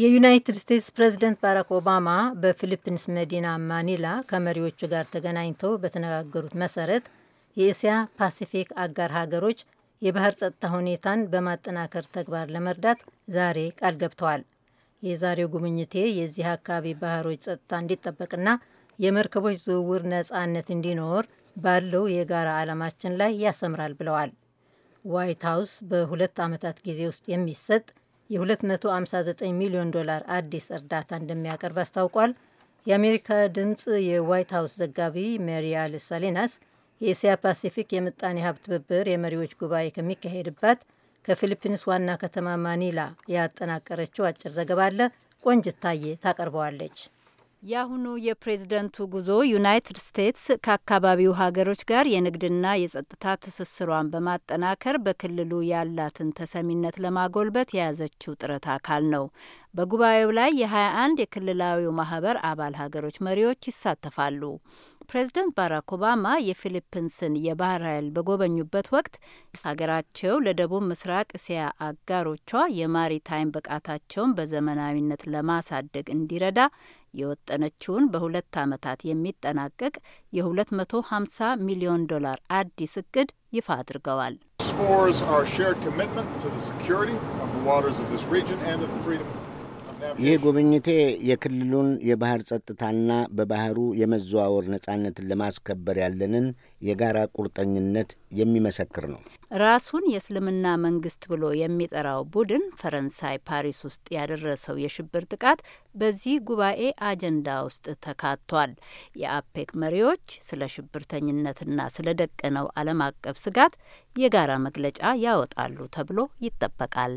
የዩናይትድ ስቴትስ ፕሬዝደንት ባራክ ኦባማ በፊሊፒንስ መዲና ማኒላ ከመሪዎቹ ጋር ተገናኝተው በተነጋገሩት መሰረት የእስያ ፓሲፊክ አጋር ሀገሮች የባህር ጸጥታ ሁኔታን በማጠናከር ተግባር ለመርዳት ዛሬ ቃል ገብተዋል። የዛሬው ጉብኝቴ የዚህ አካባቢ ባህሮች ጸጥታ እንዲጠበቅና የመርከቦች ዝውውር ነጻነት እንዲኖር ባለው የጋራ ዓላማችን ላይ ያሰምራል ብለዋል። ዋይት ሀውስ በሁለት ዓመታት ጊዜ ውስጥ የሚሰጥ የ259 ሚሊዮን ዶላር አዲስ እርዳታ እንደሚያቀርብ አስታውቋል። የአሜሪካ ድምፅ የዋይት ሀውስ ዘጋቢ ሜሪያል ሳሊናስ የእስያ ፓሲፊክ የምጣኔ ሀብት ትብብር የመሪዎች ጉባኤ ከሚካሄድባት ከፊሊፒንስ ዋና ከተማ ማኒላ ያጠናቀረችው አጭር ዘገባ አለ። ቆንጅታዬ ታቀርበዋለች። የአሁኑ የፕሬዝደንቱ ጉዞ ዩናይትድ ስቴትስ ከአካባቢው ሀገሮች ጋር የንግድና የጸጥታ ትስስሯን በማጠናከር በክልሉ ያላትን ተሰሚነት ለማጎልበት የያዘችው ጥረት አካል ነው። በጉባኤው ላይ የ21 የክልላዊው ማህበር አባል ሀገሮች መሪዎች ይሳተፋሉ። ፕሬዝደንት ባራክ ኦባማ የፊሊፒንስን የባህር ኃይል በጎበኙበት ወቅት ሀገራቸው ለደቡብ ምስራቅ እስያ አጋሮቿ የማሪታይም ብቃታቸውን በዘመናዊነት ለማሳደግ እንዲረዳ የወጠነችውን በሁለት ዓመታት የሚጠናቀቅ የ250 ሚሊዮን ዶላር አዲስ እቅድ ይፋ አድርገዋል። ይህ ጉብኝቴ የክልሉን የባህር ጸጥታና በባህሩ የመዘዋወር ነጻነትን ለማስከበር ያለንን የጋራ ቁርጠኝነት የሚመሰክር ነው። ራሱን የእስልምና መንግስት ብሎ የሚጠራው ቡድን ፈረንሳይ ፓሪስ ውስጥ ያደረሰው የሽብር ጥቃት በዚህ ጉባኤ አጀንዳ ውስጥ ተካቷል። የአፔክ መሪዎች ስለ ሽብርተኝነትና ስለ ደቀነው ዓለም አቀፍ ስጋት የጋራ መግለጫ ያወጣሉ ተብሎ ይጠበቃል።